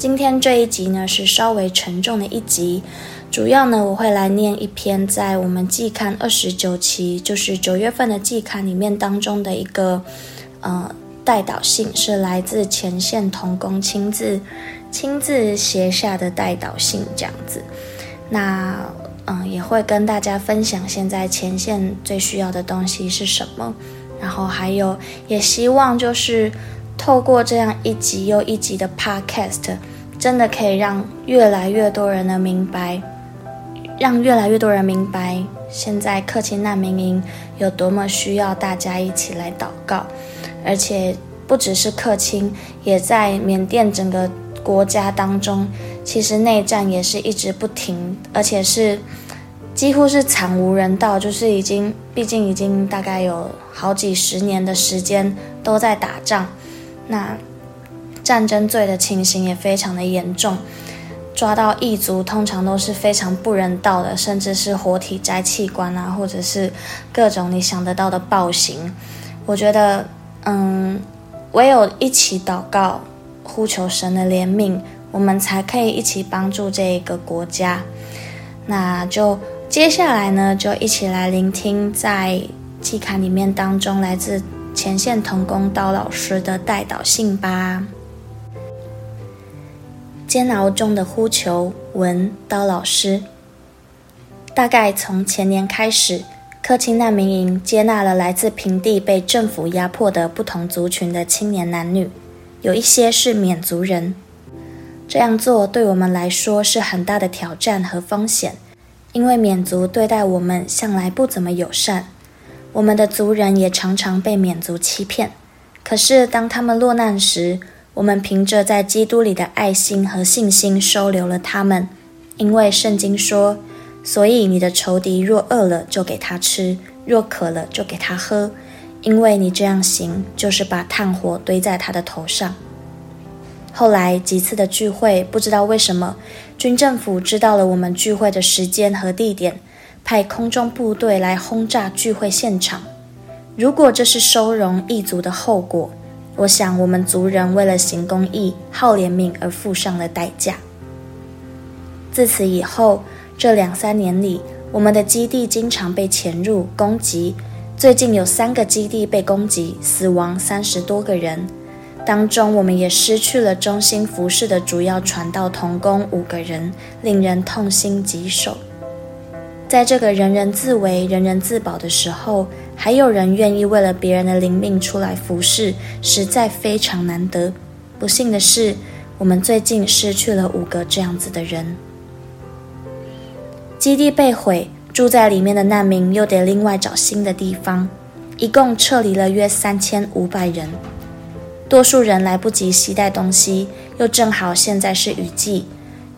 今天這一集呢是稍微沉重的一集，主要呢我會來念一篇在我們季刊二十九期，就是九月份的季刊裡面當中的一個呃代禱信，是來自前線同工親自親自寫下的代禱信這樣子。那嗯，呃，也會跟大家分享現在前線最需要的東西是什麼，然後還有也希望就是。透過這樣一集又一集的 Podcast，真的可以讓越來越多人的明白，讓越來越多人明白，現在克欽難民營有多麼需要大家一起來禱告。而且不只是克欽，也在緬甸整個國家當中，其實內戰也是一直不停，而且是幾乎是慘無人道，就是已經，畢竟已經大概有好幾十年的時間都在打仗。那戰爭罪的情形也非常的嚴重，抓到異族通常都是非常不人道的，甚至是活體摘器官啊，或者是各種你想得到的暴行。我覺得，嗯，唯有一起禱告、呼求神的憐憫，我們才可以一起幫助這一個國家。那就接下來呢，就一起來聆聽在季刊裡面當中來自。前線同工刀老師的代禱信吧。煎熬中的呼求，文刀老師。大概從前年開始，克欽難民營接納了來自平地被政府壓迫的不同族群的青年男女，有一些是緬族人。這樣做對我們來說是很大的挑戰和風險，因為緬族對待我們向來不怎麼友善。我們的族人也常常被緬族欺騙，可是當他們落難時，我們憑着在基督裡的愛心和信心收留了他們，因為聖經說：“所以你的仇敵若餓了，就給他吃；若渴了，就給他喝。因為你這樣行，就是把炭火堆在他的頭上。”後來幾次的聚會，不知道為什麼，軍政府知道了我們聚會的時間和地點。派空中部隊來轟炸聚會現場。如果這是收容異族的後果，我想我們族人為了行公義、好憐憫而付上了代價。自此以後，這兩三年裡，我們的基地經常被潛入攻擊。最近有三個基地被攻擊，死亡三十多個人，當中我們也失去了中心服飾的主要傳道同工五個人，令人痛心疾首。在這個人人自危、人人自保的時候，還有人願意為了別人的靈命出來服侍，實在非常難得。不幸的是，我們最近失去了五個這樣子的人。基地被毀，住在裡面的難民又得另外找新的地方，一共撤離了約三千五百人。多數人來不及攜帶東西，又正好現在是雨季。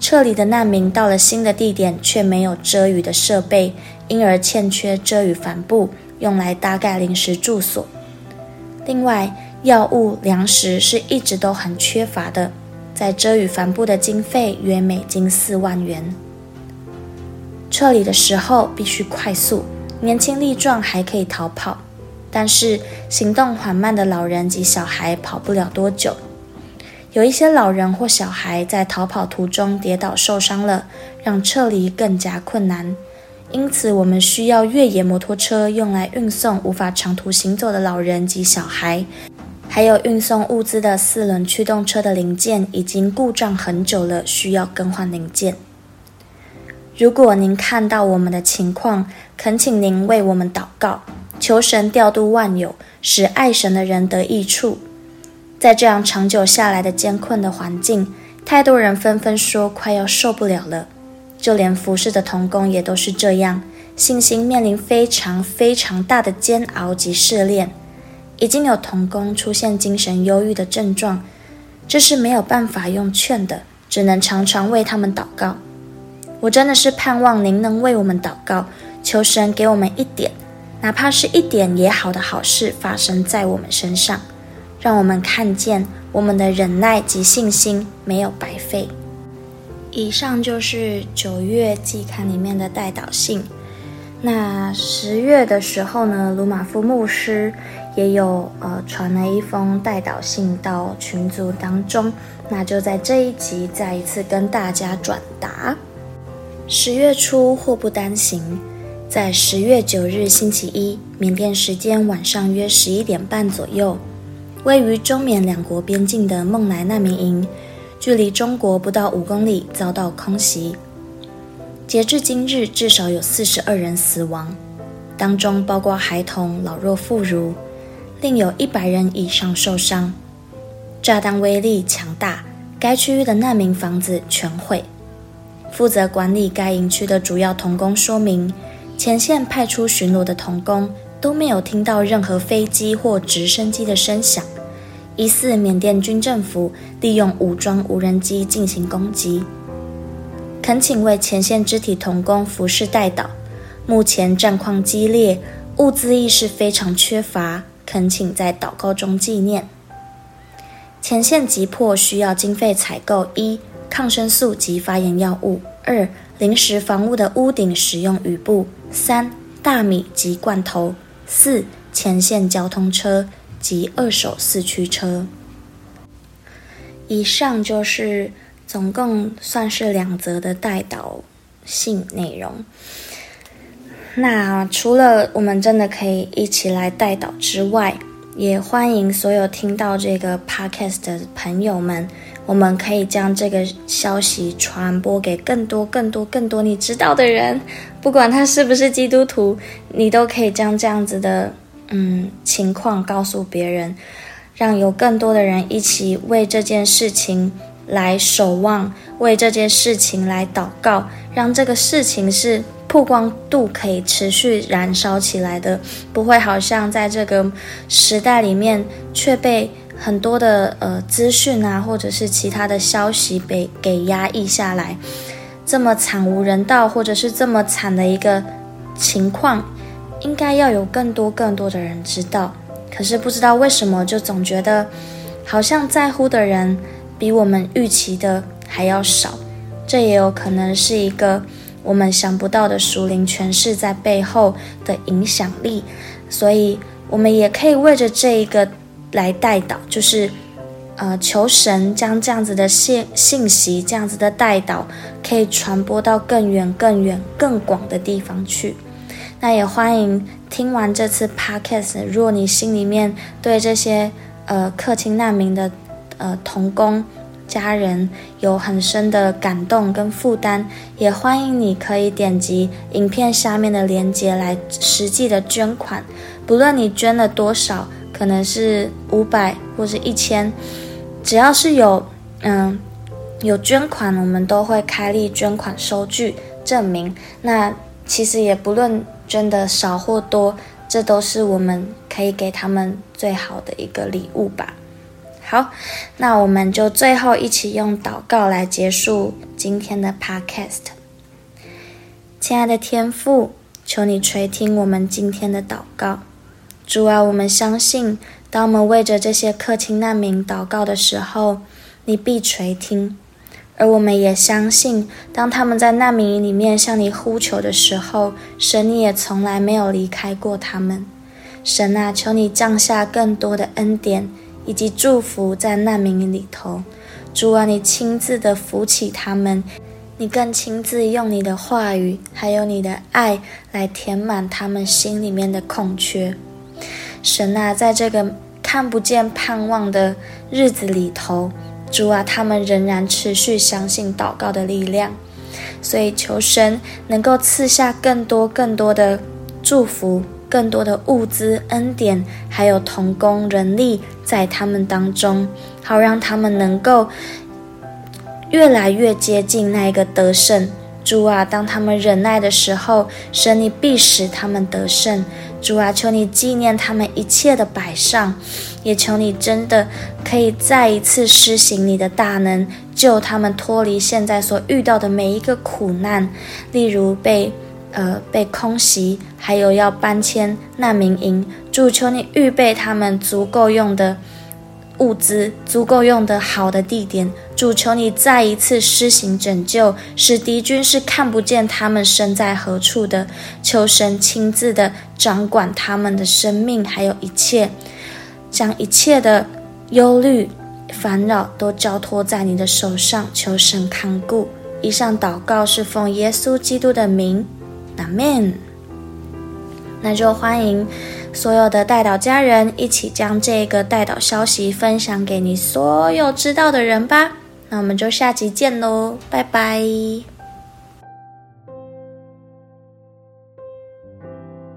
撤離的難民到了新的地點，卻沒有遮雨的設備，因而欠缺遮雨帆布，用來搭蓋臨時住所。另外，藥物、糧食是一直都很缺乏的，在遮雨帆布的經費約美金四萬元。撤離的時候必須快速，年輕力壯還可以逃跑，但是行動緩慢的老人及小孩跑不了多久。有一些老人或小孩在逃跑途中跌倒受傷了，讓撤離更加困難。因此，我們需要越野摩托車用來運送無法長途行走的老人及小孩，還有運送物資的四輪驅動車的零件已經故障很久了，需要更換零件。如果您看到我們的情況，懇請您為我們禱告，求神調度萬有，使愛神的人得益處。在這樣長久下來的艱困的環境，太多人紛紛說快要受不了了，就連服侍的同工也都是這樣，信心面臨非常非常大的煎熬及試煉，已經有同工出現精神憂鬱的症狀，這是沒有辦法用勸的，只能常常為他們禱告。我真的是盼望您能為我們禱告，求神給我們一點，哪怕是一點也好的好事發生在我們身上。讓我們看見我們的忍耐及信心沒有白費。以上就是九月季刊裡面的代禱信。那十月的時候呢，魯瑪夫牧師也有呃傳了一封代禱信到群組當中。那就在這一集再一次跟大家轉達。十月初禍不單行，在十月九日星期一，緬甸時間晚上約十一點半左右，位於中緬兩國邊境的夢萊難民營，距離中國不到五公里，遭到空襲。截至今日，至少有四十二人死亡，當中包括孩童、老弱婦孺，另有一百人以上受傷。炸彈威力強大，該區域的難民房子全毀。負責管理該營區的主要同工說明，前線派出巡邏的同工都沒有聽到任何飛機或直升機的聲響。疑似緬甸軍政府利用武裝無人機進行攻擊。懇請為前線肢體同工服事代禱。目前戰況激烈，物資亦是非常缺乏。懇請在禱告中紀念。前線急迫需要經費採購：一、抗生素及發炎藥物；二、臨時房屋的屋頂使用雨布；三、大米及罐頭；四、前線交通車，及二手四驅車。以上就是總共算是兩則的代禱信內容。那除了我們真的可以一起來代禱之外，也歡迎所有聽到這個 podcast 的朋友們，我們可以將這個消息傳播給更多、更多、更多你知道的人，不管他是不是基督徒，你都可以將這樣子的。嗯，情況告訴別人，讓有更多的人一起為這件事情來守望，為這件事情來禱告，讓這個事情是曝光度可以持續燃燒起來的，不會好像在這個時代裡面卻被很多的呃資訊啊，或者是其他的消息給給壓抑下來，這麼慘無人道，或者是這麼慘的一個情況。應該要有更多更多的人知道，可是不知道為什麼，就總覺得好像在乎的人比我們預期的還要少。這也有可能是一個我們想不到的屬靈權勢在背後的影響力，所以我們也可以為着這一個來代禱，就是呃求神將這樣子的信信息，這樣子的代禱可以傳播到更遠、更遠、更廣的地方去。那也歡迎聽完這次 podcast，如果你心裡面對這些呃克欽難民的呃同工家人有很深的感動跟負擔，也歡迎你可以點擊影片下面的鏈接來實際的捐款。不論你捐了多少，可能是五百或者一千，只要是有嗯、呃、有捐款，我們都會開立捐款收據證明。那其實也不論。捐的少或多，這都是我們可以給他們最好的一個禮物吧。好，那我們就最後一起用禱告來結束今天的 Podcast。親愛的天父，求你垂聽我們今天的禱告。主啊，我們相信，當我們為着這些克欽難民禱告的時候，你必垂聽。而我們也相信，當他們在難民營裡面向你呼求的時候，神你也從來沒有離開過他們。神啊，求你降下更多的恩典以及祝福在難民營裡頭。主啊，你親自的扶起他們，你更親自用你的話語還有你的愛來填滿他們心裡面的空缺。神啊，在這個看不見盼望的日子裡頭。主啊，他們仍然持續相信禱告的力量，所以求神能夠賜下更多更多的祝福、更多的物資、恩典，還有同工人力在他們當中，好讓他們能夠越來越接近那一個得勝。主啊，當他們忍耐的時候，神你必使他們得勝。主啊，求你紀念他們一切的擺上，也求你真的可以再一次施行你的大能，救他們脫離現在所遇到的每一個苦難，例如被呃被空襲，還有要搬遷難民營。主，求你預備他們足夠用的物資，足夠用的好的地點。主，求你再一次施行拯救，使敵軍是看不見他們身在何處的。求神親自的掌管他們的生命，還有一切，將一切的憂慮、煩惱都交托在你的手上。求神看顧。以上禱告是奉耶穌基督的名。阿們。那就歡迎所有的代禱家人一起將這個代禱消息分享給你所有知道的人吧。那我們就下期見嘍，拜拜。